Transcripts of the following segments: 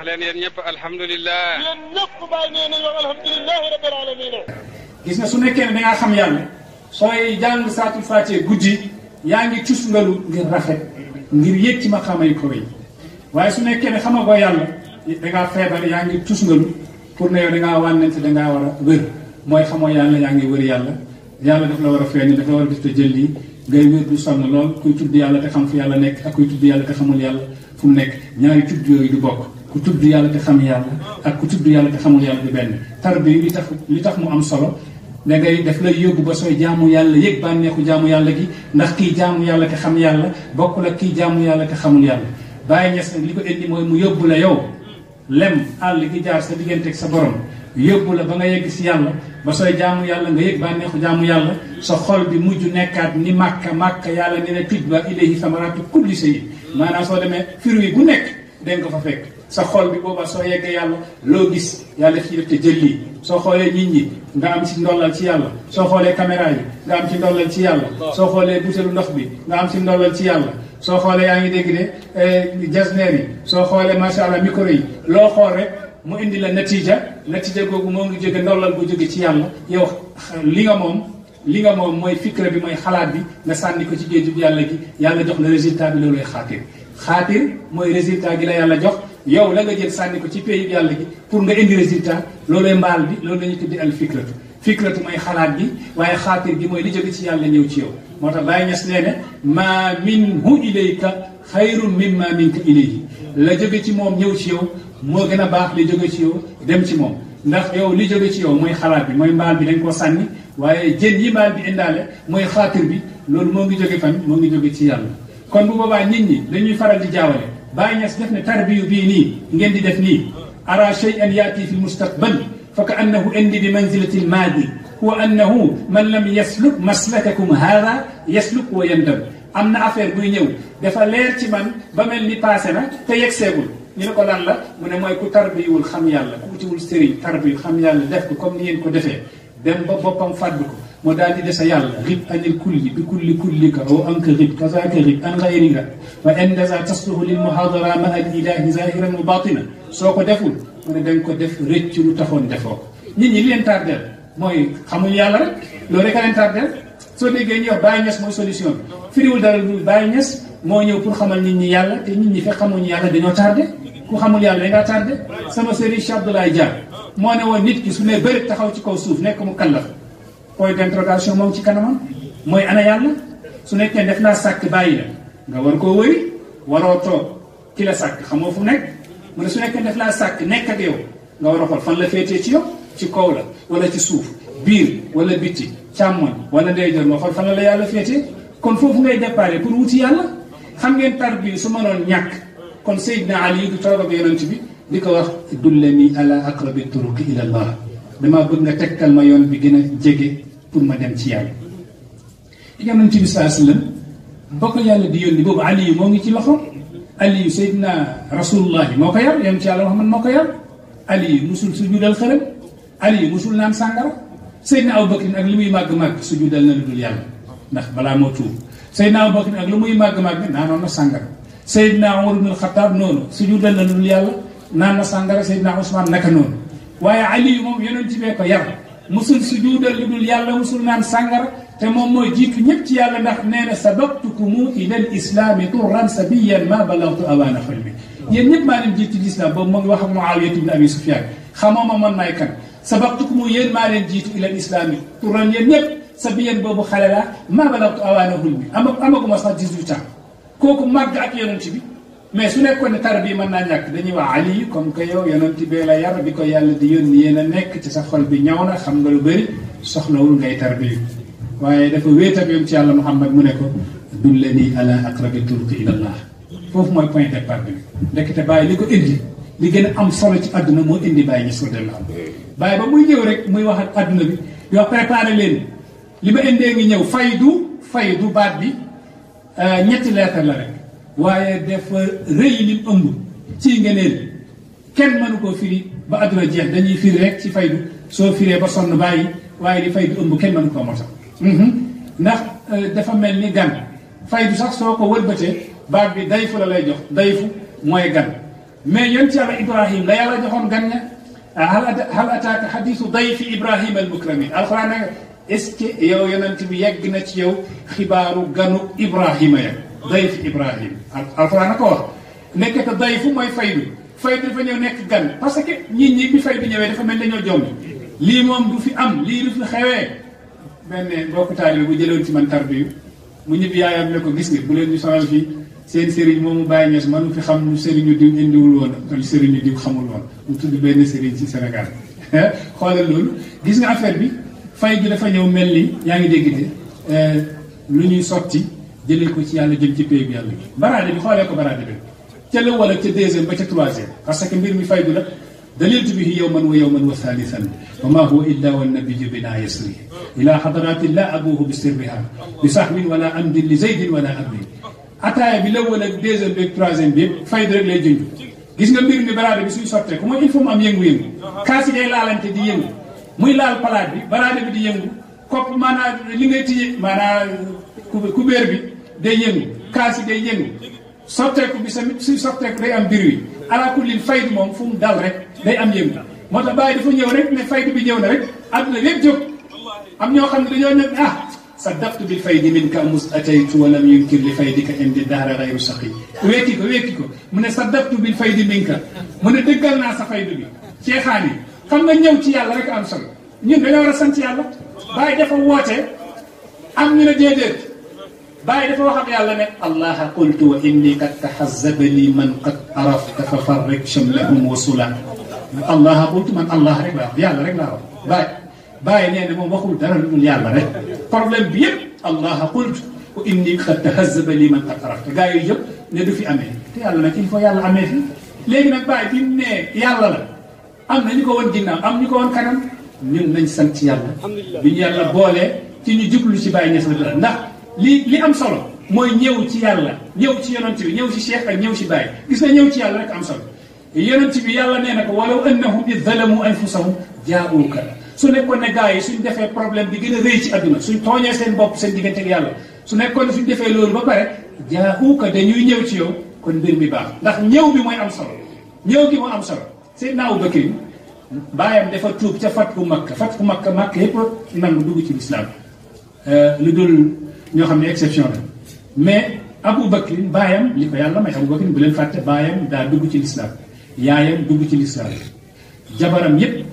wax leen yéen ñëpp alhamdulilah. yéen ñëpp bàyyi nee nañu alhamdulilah rabbil alamin. gis nga su nekkee ne da ngaa xam yàlla sooy jàng saatul faatee guddi yaa ngi tusngalu ngir rafet ngir yëg ci ma xamay ko wéy waaye su nekkee ne xamagoo yàlla da ngaa feebar yaa ngi tusngalu pour ne yow da ngaa wànnante da ngaa war a wér mooy xamoo yàlla yaa ngi wër yàlla yàlla daf la war a feeñ daf la war a def te jël lii ngay wér du sonn lool kuy tudd yàlla te xam fu yàlla nekk ak kuy tudd yàlla te xamul yàlla fu mu nekk ñaari tudd yooyu du bokk. ku tudd yàlla te xam yàlla ak ku tudd yàlla te xamul yàlla du benn li tax li tax mu am solo da ngay def lay yóbbu ba sooy jaamu yàlla yëg bànneeku jaamu yàlla gi ndax kii jaamu yàlla te xam yàlla bokkul ak kii jaamu yàlla te yàlla bàyyi ñes nag li ko indi mu yóbbu la yow lem àll gi jaar sa digganteeg sa borom yóbbu la ba nga yegg si yàlla ba sooy jaamu yàlla nga yëg bànneexu jaamu yàlla sa xol bi mujj nekkaat ni màkka màkka yàlla ne na tijba ilayhi samaratu kulli shay maanaam soo demee fir wi bu nekk danga ko fa fekk sa xol bi boobaa soo yeggee yàlla loo gis yàlla ci def te jël lii soo xoolee nit ñi nga am ci ndollal ci yàlla soo xoolee caméra yi nga am ci ndollal ci yàlla soo xoolee butéelu ndox bi nga am ci ndollal ci yàlla soo xoolee yaa ngi dégg ne jasneer yi soo xoolee macha allah micro yi loo xool rek mu indi la natija natija googu moo ngi jóge ndollal bu jóge ci yàlla yow li nga moom li nga moom mooy fikra bi mooy xalaat bi nga sànni ko ci géejub yàlla gi yàlla jox la résultat bi loolu lay xaatir xaatir mooy résultat gi la yàlla jox yow la nga jël sànni ko ci pays bi yàlla gi pour nga indi résultat loolooy mbaal bi loolu la ñuy tuddi al fikratu fikratu mooy xalaat bi waaye xaatir bi mooy li jóge ci yàlla ñëw ci yow moo tax Baye Niass nee na maa minhu ilayka xayrun mimma minka ilayhi la jóge ci moom ñëw ci yow moo gën a baax li jóge ci yow dem ci moom ndax yow li jóge ci yow mooy xalaat bi mooy mbaal bi dañ koo sànni waaye jën yi mbaal bi indaale mooy xaatir bi loolu moo ngi jóge fan moo ngi jóge ci yàlla kon bu boobaa nit ñi dañuy faral di jaawale باين يسدفن تربي بيني نجد دفني أرى شيئا يأتي في المستقبل فكأنه عندي بمنزلة الماضي هو أنه من لم يسلك مسلككم هذا يسلك ويندم أمنا أفير بينيو دفا لير تمن بمن لباسنا تيكسيبون نيلو قال الله من ما يكون تربي والخميال كوتي والسري تربي الخميال دفك كم نين كدفع دم بب بب فادكم مدادي دي سيال غيب أن الكل بكل كل كرو أنك غيب كذاك غيب أن غيرك وأن ذا تصله للمحاضرة مع الإله ظاهرا وباطنا سوك دفل من دنك دف رتل تخون دفو نيني لي انتار دل موي خمو يالا رك لو ريكا انتار دل سو دي جي نيو باي نيس موي سوليسيون فريول دارل موي باي نيس موي نيو پور خمال نيني يالا تي نيني في خمو يالا دي نو تار دل كو خمو يالا ريكا تار دل سما سيري شاب دلائي جار مو نيو نيت كي سو نيو بيرك تخاو نيكو مكلف point d'interrogation mom ci kanamam moy ana yàlla su nekkee def na sàkk bàyyi la nga war ko wëri waro to ki la sàkk xamo fu nekk mu su nekkee def la sàkk nekk ak yow nga waro xol fan la fété ci yow ci kaw la wala ci souf bir wala biti chamon wala day ndeyjoor mo xol fan la yàlla fété kon fofu ngay déparé pour wuti yàlla xam ngeen tarbi bi su mënoon ñak kon sayyidna Ali du toog yonent bi diko ko wax dullani ala aqrabi turuqi ila allah damaa bëgg nga tegtal ma yoon bi gën a jege pour ma dem ci yàlla di nga yàlla di yónni boobu Aliyu moo ngi ci loxo Aliyu Seydina Rasulullahi moo ko yar yem ci yàlla moo ko yar Aliyu musul sujudal xërëm Aliyu musul naan sàngara Seydina Abubakar ak lu muy màgg-màgg sujudal na lu dul yàlla ndax balaa moo tuub Seydina Abubakar ak lu muy màgg-màgg naanoon na sàngara Seydina Umar ibn al noonu sujudal na lu dul yàlla naan na sàngara Seydina Usmaan naka noonu waye ali mom yonent bee ko yar musul sujudal lu yàlla musul nan sàngara te mom moy jiitu ñëpp ci yàlla ndax nee na sababtukumu ila l islaami turran sabiyan ma balawtu awaana xulmi yéen ñëpp maa leen jiitu islam bo mo ngi wax ak muawiyat ibn abi sufyan xamoo man may kan sababtukumu yéen ma len jiitu ila l islaami turran yéen ñëpp sabiyan boobu xale laa ma balawtu awaana xulmi amako ma sax 18 ans koku màgg ak yonent bi mais su nekkoon ne tar bii mën naa ñàkk dañuy wax ali comme que yow yonent bee la yar bi ko yàlla di yónni yéen a nekk ci sa xol bi ñaw na xam nga lu bëri soxlawul ngay tar bi waaye dafa wéet ak yoon ci yàlla Muhammad mu ne ko dullani ala aqrabi turuqi ila allah foofu mooy point de départ bi ndekete bàyyi li ko indi li gën a am solo ci àdduna moo indi bàyyi ñu sodella bàyyi ba muy ñëw rek muy wax ak àdduna bi yoo préparé leen li ma indee ngi ñëw faydu faydu baat bi euh, ñetti leetar la waaye dafa rëy lim ëmb ci ngeneen kenn mënu koo firi ba àdduna jeex dañuy firi rek ci faydu soo firee ba sonn bàyyi waaye li faydu ëmb kenn mënu koo motal mhm. ndax euh, dafa mel ni gan faydu sax soo ko wëlbatee baat bi dayfu la lay jox dayfu mooy gan mais yon ci yàlla ibrahim la yàlla joxoon gan nga ah, hal ataaka xadiisu dayfi ibrahim al mukramin alxuraan est-ce que yow yonent bi yegg na ci yow xibaaru ganu ibrahima ya day ci Ibrahim alxuraan a ko nekk ko day fu mooy faydu faydu dafa ñëw nekk gan parce que nit fay bi ñëwee dafa mel dañoo jomb lii moom du fi am lii du fi xewee benn mbokk taalibe bu jëloon ci man tarbiyu mu ñibbi yaayam ne ko gis nga bu leen ñu sonal fii seen sëriñ moomu bàyyi ñes manu fi xam lu sëriñu diw indiwul woon ak sëriñu diw xamul woon mu tudd benn sëriñ ci senegal xoolal loolu gis nga affaire bi fay bi dafa ñëw mel ni ñaa ngi dégg euh, lu ñuy sotti jëlé ko ci yàlla jëm ci pey bi yàlla barade bi xolé ko barade bi ca le wala ci deuxième ba ci troisième parce que mbir mi faydu la dalil tu bihi yawman yawman wa wa wa ma huwa illa wa وما هو الا والنبي بنا يسري الى حضرات لا bi بسرها wala ولا li zayd wala امر ataya bi le wala deuxième beeg troisième bi yëpp fayda rek lay junj gis nga mbir mi barade bi suñu sorté ko mo il faut mu am yëngu-yëngu kaas yi day laalante di yëngu muy laal palaat bi barade bi di yëngu kopp maanaa li ngay tije maanaa kubéer bi day yëngu kaas yi day yëngu sotteeku bi tamit sotteeku day am biir wi ala kulli faydu moom fu mu dal rek day am yëngu moo tax bàyyi dafa ñëw rek ne faydu bi ñëw na rek am ñoo xam ne dañoo ne ah saddaqtu bil faydi minka mus ataytu wa lam yunkir li faydika indi dahra gayru saqi wekki ko wekki ko mu ne saddaqtu bil faydi minka mu ne dëggal naa sa faydu bi ceexaan yi xam nga ñëw ci yàlla rek am solo ñun dañoo war a sant yàlla bàyyi dafa woote am ñu ne déedéet bàyyi dafa wax ak yàlla ne allaha qultu wa inni qad taxazaba li man qad arafta fa farrik shamlahum wa sulan allaha qultu man allah rek laa wax yàlla rek laa wax bàyyi bàyyi nee na moom waxul dara lu dul yàlla rek problème bi yëpp allaha qultu wa inni qad taxazaba li man qad arafta gaa yooyu yëpp ne du fi amee te yàlla nag il faut yàlla amee fi léegi nag bàyyi fi ne yàlla la am na ñu ko woon ginnaaw am ñu ko woon kanam ñun nañ sant yàlla bi ñu yàlla boolee ci ñu jublu ci bàyyi ñes la ndax li li am solo mooy ñëw ci yàlla ñëw ci yonent bi ñëw ci cheikh ak ñëw ci baay gis nga ñëw ci yàlla rek am solo yonent bi yàlla nee na ko walaw annahum id zalamu anfusahum jaa'uuka su nekkoon ne gars yi suñ defee problème bi gën a rëy ci àdduna suñ tooñee seen bopp seen diggante yàlla su nekkoon ne suñ defee loolu ba pare jaa'uuka dañuy ñëw ci yow kon mbir bi baax ndax ñëw bi mooy am solo ñëw gi moo am solo seen Seydina Abubakar baayam dafa tuu ca fat ku makka fat ku makka makka yëpp nangu dugg ci lislaam euh, lu dul ñoo xam exception la mais abou Bakrin bayam liko yàlla may abou Bakrin bu len fàtte bayam da dugg ci l'islam yaayam dugg ci l'islam jabaram yeb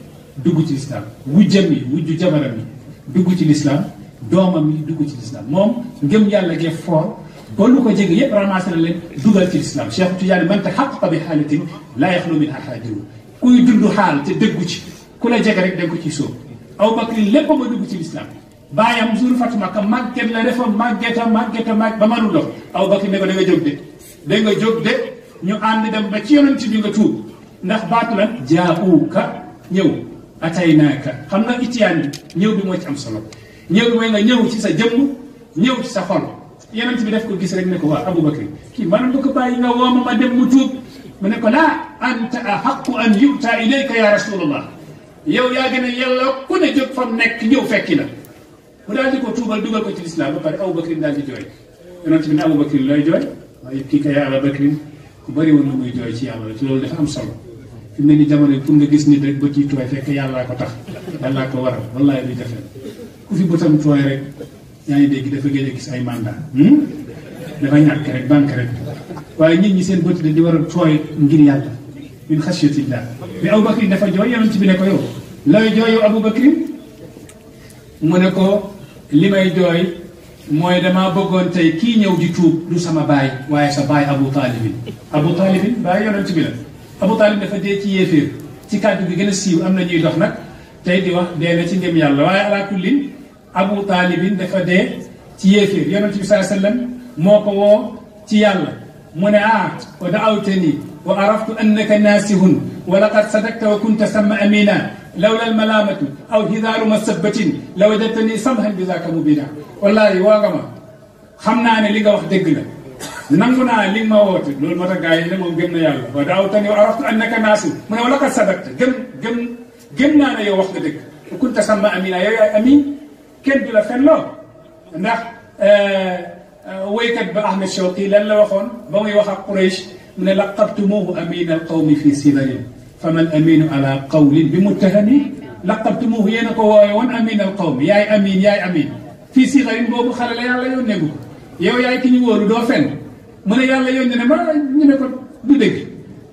dugg ci lislaam wujjam yi wujju jabaram yi dugg ci l'islam domam yi dugg ci l'islam mom ngeum yàlla ge foor ba lu ko jégg yépp ramassé na leen dugal ci l'islam Cheikh Tidiane man taxaqqa bi xaalatin la yakhlu min ahadiru kuy dund xaal te dëggu ci ku la jege rek da ci ko ciy sóob Abu Bakrin lépp ma dugg ci l'islam baayam jour Fatuma ka màgget la defoon màggeta màggeta màgg ba mënul dox aw bakki ne ko da nga jóg de da nga jóg de ñu ànd dem ba ci yonent bi nga tuub ndax baatu lan jaauka ñëw ataynaaka xam nga itiyaan bi ñëw bi moo ci am solo ñëw bi mooy nga ñëw ci sa jëmm ñëw ci sa xol yonent bi def ko gis rek ne ko waa Abubakar kii mënul du ko bàyyi nga wooma ma dem mu tuub mu ne ko laa anta ahaqu an yuta ilayka ya rasulallah yow yaa gën a yàlla ku ne jóg fa ñëw fekki la mu daal ko tuubal dugal ko ci lislaam ba pare Abubakrin daal di jooy yonent bi ne Abubakrin looy jooy waaye kii kay Abubakrin ku bëri ci loolu dafa am solo fi mu ne nii jamono nga gis nit rek bët yi tooy fekk yàllaa ko tax yàllaa ko waral wallaay luy jafe ku fi bëtam tooy rek yaa ngi dégg dafa gëj a gis ay mandat hmm? dafa ñàkk rek ñi seen bët dañ di war a tooy ngir yàlla min xasiyatillah mais Abubakrin dafa jooy yonent bi ne ko yow looy jooy yow Abubakrin mu ne ko li may jooy mooy damaa bëggoon tey kii ñëw di tuub du sama baay waaye sa baay abu taalibin abu taalibin baay yonent bi la abu taalib dafa dee ci yéeféer ci kàddu bi gën a siiw am na ñuy dox nag tey di wax dee na ci ngëm yàlla waaye ala kullin abu taalibin dafa dee ci yéeféer yonent bi saa sallam moo ko woo ci yàlla mu ne ah wa daawtani wa araftu annaka naasihun wa laqad sadakta wa kunta sama amina لولا الملامة أو هذار مسبة لوجدتني سمحا بذاك مبينا والله واغما خمنا أن لقى وقت دقنا نمنا لما وقت لول مرة قايلة من قمنا يا الله ودعوتني وعرفت أنك ناس من ولك صدقت قم قم قمنا أنا يا وقت دق وكنت سمى أمين يا أمين كان بلا فن لو نح آه، ويكد بأحمد شوقي لن لوخون بوي وخا قريش من لقبتموه أمين القوم في سيناريو فما الامين على قول بمتهم لقبتموه ينك وهو امين القوم يا امين يا امين في صغير بوبو خلال يالا يا يو ياي كيني وورو دو فن من يالا يونينا ما نينكو دو ديك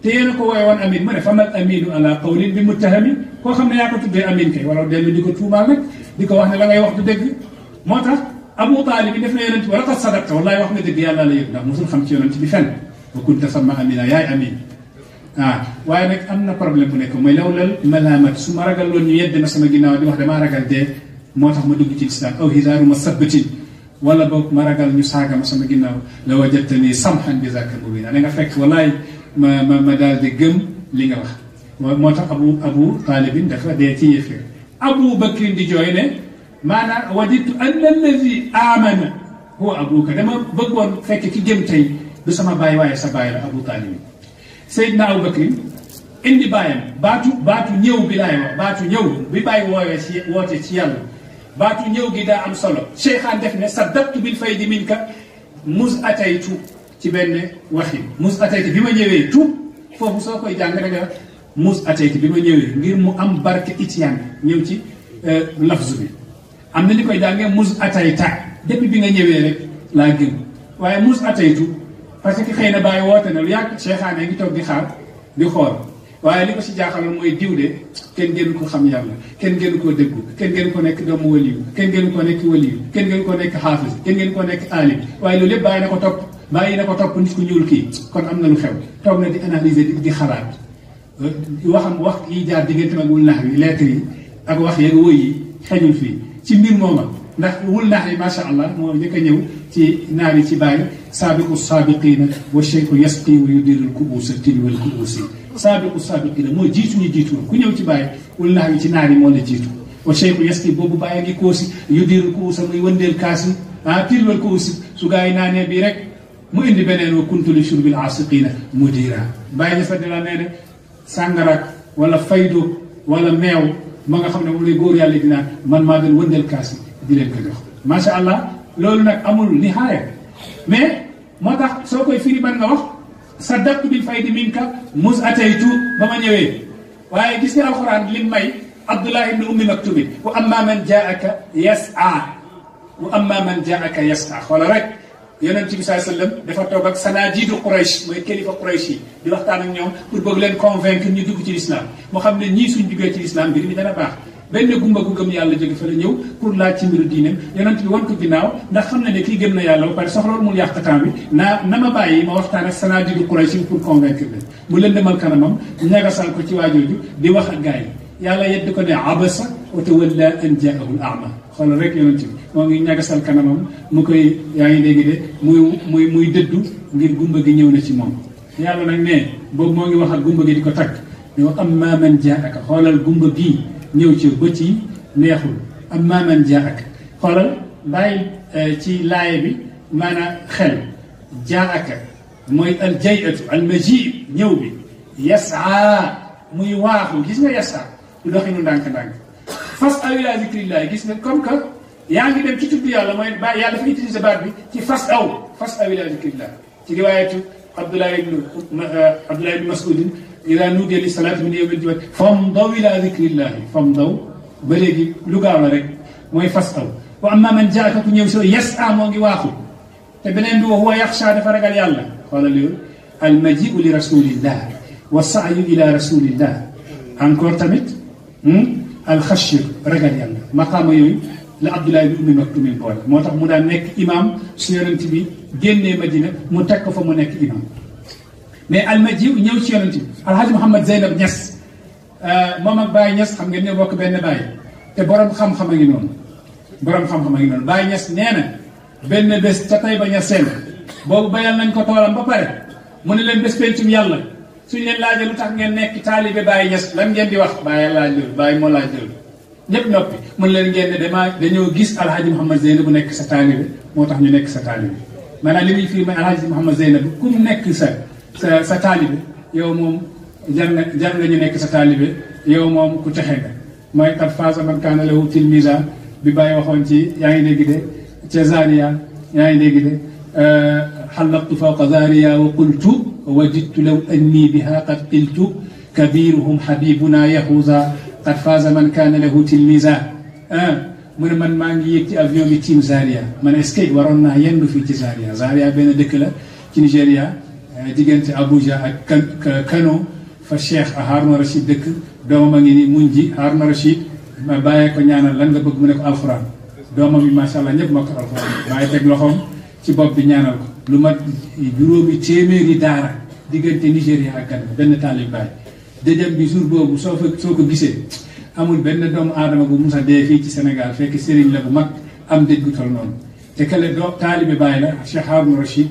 تي ينك وهو امين من فما الامين على قول بمتهم كو خمنا ياكو تدي امين كاي ولا ديلو ديكو تومال نك ديكو واخني لا غاي واخ دو ديك ابو طالب دفنا يونت ولا قد صدقت والله واخني ديك يالا لا يونت مسل خمتي يونت بي فن وكنت سما امين ياي امين ah waaye nag am na problème bu nekk mooy lawlal malaamat su ma ragal loon ñu yedd ma sama ginnaaw di wax damaa ragal dee moo tax ma dugg ci lislaam aw hisaaru ma sabbatin wala boog ma ragal ñu saaga ma sama ginnaaw la wajatta nii samhan bi zaka mubina da nga fekk walaay ma ma ma daal di gëm li nga wax moo tax abu abu taalibin dafa dee ci yëfir abu bakrin di jooy ne maanaam wajidtu anna alladi amana huwa abuka dama bëggoon fekk ki gëm tey du sama baay waaye sa baay la abu taalibin na Abubakar indi bàyyam baatu baatu ñëw bi laay wax baatu ñëw bi bàyyi woowee ci woote ci yàlla baatu ñëw gi daa am solo Cheikhaan def ne sa dattu bil fay di min ka mus ataytu ci benn waxi mus ataytu bi ma ñëwee tuub foofu soo koy jàng rek a mus ataytu bi ma ñëwee ngir mu am barke ityaan ñëw ci euh, lafzu bi am na ni koy jàngee mus atayta depuis bi nga ñëwee rek laa gën waaye mus ataytu parce que xëy na bàyyi woote na lu yàgg seexaan ngi toog di xaar di xool waaye li ko si jaaxal mooy diw de kenn gënu ko xam yàlla kenn gënu koo déggu kenn gënu ko nekk doomu waliyu kenn gënu ko nekk waliyu kenn gënu ko nekk xaafis kenn gënu ko nekk aalim waaye loolu lépp bàyyi na ko topp bàyyi na ko topp nit ku ñuul kii kon am na lu xew toog na di analyser di di xalaat waxam wax yi jaar diggante ak wul nax yi lettre yi ak wax yeeg wóy yi xeñul fii ci mbir mooma ndax wul nax yi macha allah moo njëkk a ñëw ci naar saabiqu saabiqiina wa cheikhu yasqi wa yudirul kubuusa tilwal kubuusi saabiqu saabiqiina mooy jiituñu jiituwul ku ñëw ci bàyyi wala naa ci naari moo la jiitu wa cheikhu yasqi boobu bàyyi ngi koosi yudirul kubuusa muy wëndeel kaasi ah tilwal kubuusi rek mu indi beneen wa kuntu li shurbil asiqiina mudira bàyyi dafa dina nee wala faydu wala meew ma nga xam ne wala góor yàlla dinaa man maa doon wëndeel kaasi di leen ko jox macha allah loolu nag amul nihaaya mais moo tax soo koy firi ban nga wax sa dàq bil faydi minka mus ataytu ba ma ñëwee waaye gis nga alxuraan lim may abdullah ibn ummi maktubi wa amma man jaaka yasa wa amma man jaaka yasa xoola rek yonent bi saa sallam dafa toog ak sanaajiidu Quraysh mooy kilifa Quraysh yi di waxtaan ak ñoom pour bëgg leen convaincre ñu dugg ci lislaam moo xam ne ñii suñ duggee ci lislaam mbir mi dana baax benn gumba gu gëm yàlla jóge fa la ñëw pour laaj ci mbiru diineem yonent bi wan ko ginnaaw ndax xam na ne kii gëm na yàlla ba pare soxlawul mun yàq temps bi naa na ma bàyyi ma waxtaan ak sanadidu Quraysh pour convaincre leen mu leen demal kanamam ñagasal ko ci waajooju di wax ak gars yi yàlla yedd ko ne abasa wa tawalla an jaahul ama xoolal rek yonent bi moo ngi ñagasal kanamam mu koy yaa ngi dégg de muy muy muy dëddu ngir gumba gi ñëw na ci moom yàlla nag ne boobu moo ngi wax ak gumba gi di ko takk ñoo amma man jaaka xoolal gumba gii ñëw ci ba ci neexul am maaman jaa ak xoolal bàyyi ci laay bi maanaam xel jaa aka mooy al jayatu al maji ñëw bi yasaa muy waaxu gis nga yasaa du doxinu ndànk-ndànk fas aw ila zikrillah gis nga comme que yaa ngi dem ci tudd yàlla mooy ba yàlla dafa utilisé baat bi ci fas aw fas aw ila zikrillah ci riwaayatu abdoulaye ibnu abdoulaye ibnu masudin إذا نودي للصلاة من يوم الجمعة فامضوا إلى ذكر الله فامضوا بلغي لغاو رك موي فاستو وأما من جاءك كن يوم يسعى موغي واخو تبنين طيب، دو هو يخشى دفرق الله قال له المجيء لرسول الله والسعي إلى رسول الله أنكور تمت الخشر رجل يالله مقام يوم la abdoulaye bi ummi maktum boole moo tax mu daan nekk imam su yonent bi génnee madina mu teg ko mais almaji ñëw ci yonent bi alhaji Mouhamad Zeynab Niass euh, moom ak Baye Niass xam ngeen ne bokk benn Baye te borom xam-xam a ngi noonu borom xam-xam a ngi noonu Baye Niass nee benn bés ca Taïba Niassène boobu bayal nañ ko toolam ba pare mu ne leen bés pencum yàlla suñ leen laajee lu tax ngeen nekk taalibe Baye Niass lan ngeen di wax Baye laaj loolu Baye moo laaj loolu ñëpp noppi mu ne leen ngeen ne damaa dañoo gis alhaji Mouhamad Zeynab bu nekk sa taalibe moo ñu nekk sa taalibe maanaam li muy firi mooy alhaji Mouhamad Zeynab nekk sa sa sa taalibe yow moom jar na jar nga ñu nekk sa taalibe yow moom ku texe nga mooy kat faasa man kaana lahu fil mizan bi bàyyi waxoon ci yaa ngi dégg de ca Zaria yaa ngi dégg de xallaqtu fawqa Zaria wa qultu wajidtu law anni biha qad qiltu كبيرهم حبيبنا يهوذا قد فاز من كان له تلميذا آه. من من مانجي يكتي افيون تيم زاريا من اسكيت ورونا يندو في زاريا زاريا بين دكلا في نيجيريا diggante Abuja ak kan Kano fa Cheikh Haruna Rachid dëkk doomam a ngi ni muñ ji Haruna Rachid ma bàyyee ko ñaanal lan nga bëgg mu ne ko alxuraan doomam yi macha allah ñëpp moo ko alxuraan bàyyi teg loxoom ci bopp bi ñaanal ko lu mat juróomi téeméeri daara diggante Nigéria ak Kano benn taalib bàyyi dëjëm bi jour boobu soo ko gisee amul benn doomu aadama bu musa dee fii ci Sénégal fekk sëriñ la bu mag am dëj gu tol noonu te kale doo taalibe bàyyi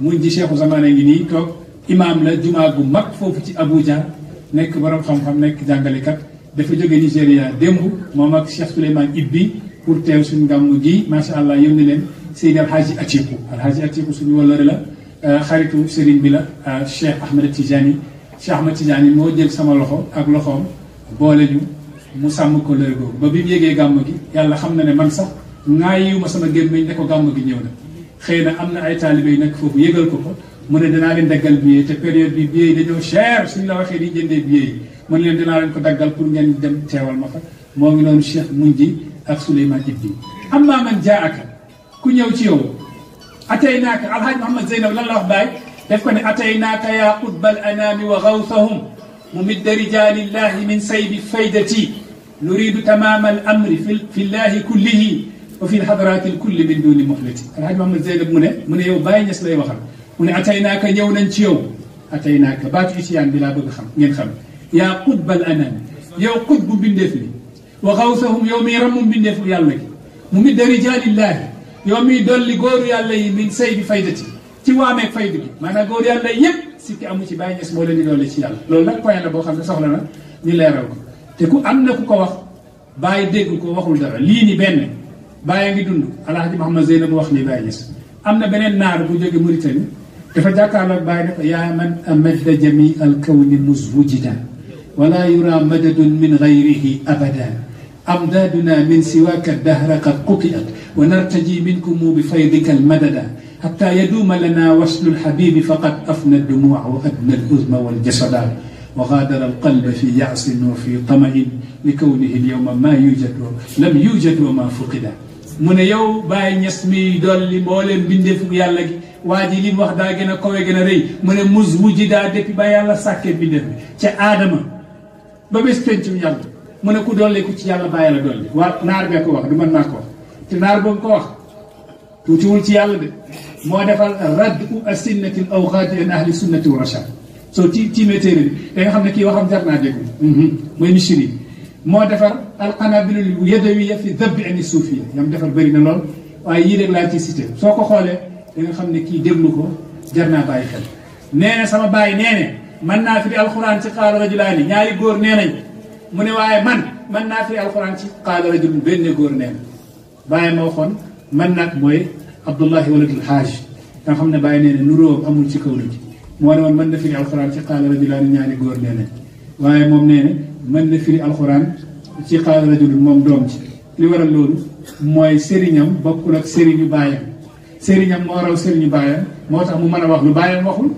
muy ji Cheikhu Zamane ngi nii toog imaam la jumaa bu mag foofu ci Abuja nekk borom xam-xam nekk kat dafa jóge Nigéria démb moom ak Cheikh Souleymane Ibbi pour teew suñu gàmmu gi macha allah yónni leen Seydi Alhaji Atiku Alhaji Atiku suñu wëllëre la euh, xaritu Serigne bi la euh, Cheikh Ahmed Tijani Cheikh Ahmed Tijani moo jël sama loxo ak loxoom boole ñu mu sàmm ko lër googu ba bi mu yégee gàmmu gi yàlla xam na ne man sax ŋaayiwu ma sama gémmiñ ne ko gàmmu gi ñëw xëy na am na ay taalibe yu nekk foofu yëgal ko ko mu ne dinaa leen daggal billet te période bi billet yi dañoo cher suñ la waxee di jëndee billet yi mu ne leen dinaa leen ko daggal pour ngeen dem teewal ma fa moo ngi noonu Cheikh Mounji ak Souleymane Ibdi am naa man jaa aka ku ñëw ci yow atay naaka alhaaj Mouhamad Zeynab lan la wax baay def ko ne atay naaka yaa qutbal anaami wa gawsahum mu midda rijaalillahi min saybi faydati nuridu tamaama al amri fi llahi kullihi وفي الحضرات الكل من دون مهلت الحاج محمد زينب من من يو باي نس لاي وخر من اتيناك نيو نتيو اتيناك بات اسيان بلا بغ خم نين خم يا قطب الانام يا قطب بندف وغوثهم يوم يرم بندف يالله مم رجال الله يوم يدل غور يالله من سيف فايدتي تي وامي فايدتي ما نا غور يالله ييب سيتي امو سي باي نس مو لني دولي سي يالله لول نك بوين بو خم سوخنا ني ليرو تي كو امنا كو كو واخ باي ديغ كو واخول دارا لي ني بن bàyyi ngi dund alaaji Mouhamed Zeynab wax ni bàyyi gis am na beneen naar bu jóge Mauritanie dafa jàkkaarloog bàyyi dafa yaa man amadda jami al kawni muswujida wala yura madadun min gayrihi abada amdaduna min siwaaka dahra qad qutiat wa nartaji minkum bi faydika al madada حتى يدوم لنا وصل الحبيب فقد أفنى الدموع وأدنى الأذن والجسد وغادر القلب في يأس وفي طمع لكونه اليوم ما يوجد لم يوجد وما فقد mu ne yow bàyyi ñes mi dolli mbooleem bindeefu yàlla gi waa ji li mu wax daa gën a kowe gën a rëy mu ne mus wujji daa depuis ba yàlla sàkkee bindeef bi ca aadama ba bés pencum yàlla mu ne ku dolli ku ci yàlla bàyyi la dolli waa naar bee ko wax du mën naa ko wax te naar boobu ko wax tuutiwul ci yàlla de moo defal raddu asinnatil awqaati an ahli sunnati wa rachad soo ci tiimee téere bi da xam ne kii waxam jar naa déglu mhm. moo defar alqanabil yadawiya fi dabi ani suufiya yam defar bëri na lool waaye yii rek laa ci cité soo ko xoolee da nga xam ne kii déglu ko jar naa bàyyi xel nee na sama bàyyi nee ne mën naa firi alquran ci xaala rajulaani ñaari góor nee nañ mu ne waaye man mën naa firi alquran ci xaala rajulun benn góor nee na bàyyi ma waxoon man nag mooy abdullahi waladul xaaj nga xam ne bàyyi nee ne nuróom amul ci kaw la ji moo ne woon mën na firi alquran ci xaala rajulaani ñaari góor nee nañ waaye moom nee ne mën na firi alxuraan ci xaala rajul moom doom ji li waral loolu mooy sëriñam bokkul ak sëriñu baayam sëriñam moo raw sëriñu baayam moo tax mu mën a wax lu baayam waxul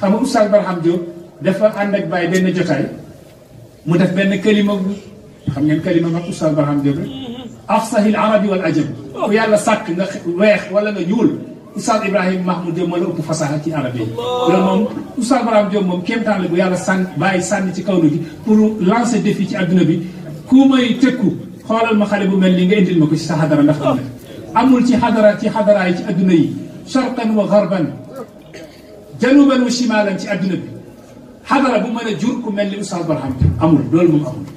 xam nga Oustaz Barham Diop dafa ànd ak baay benn jotaay mu def benn kalima bu xam ngeen kalima mag Oustaz Barham Diop rek afsahil arabi wal ajab ku yàlla sàkk nga weex wala nga ñuul Oustaz ibrahim Mahmoud diom moo la ëpp fasaxa ci arab yi loolu moom Oustaz Ibrahima Diop moom kéemtaan la bu yàlla sànni bàyyi sànni ci kaw ji pour lancer défi ci adduna bi ku may tëkku xoolal ma xale bu mel ni nga indil ma ci sa ndax amul ci hadara ci hadara yi ci adduna yi sharqan wa gharban januban wa shimalan ci adduna bi xadara bu mën a jur ku mel ni Oustaz Barham amul loolu moom amul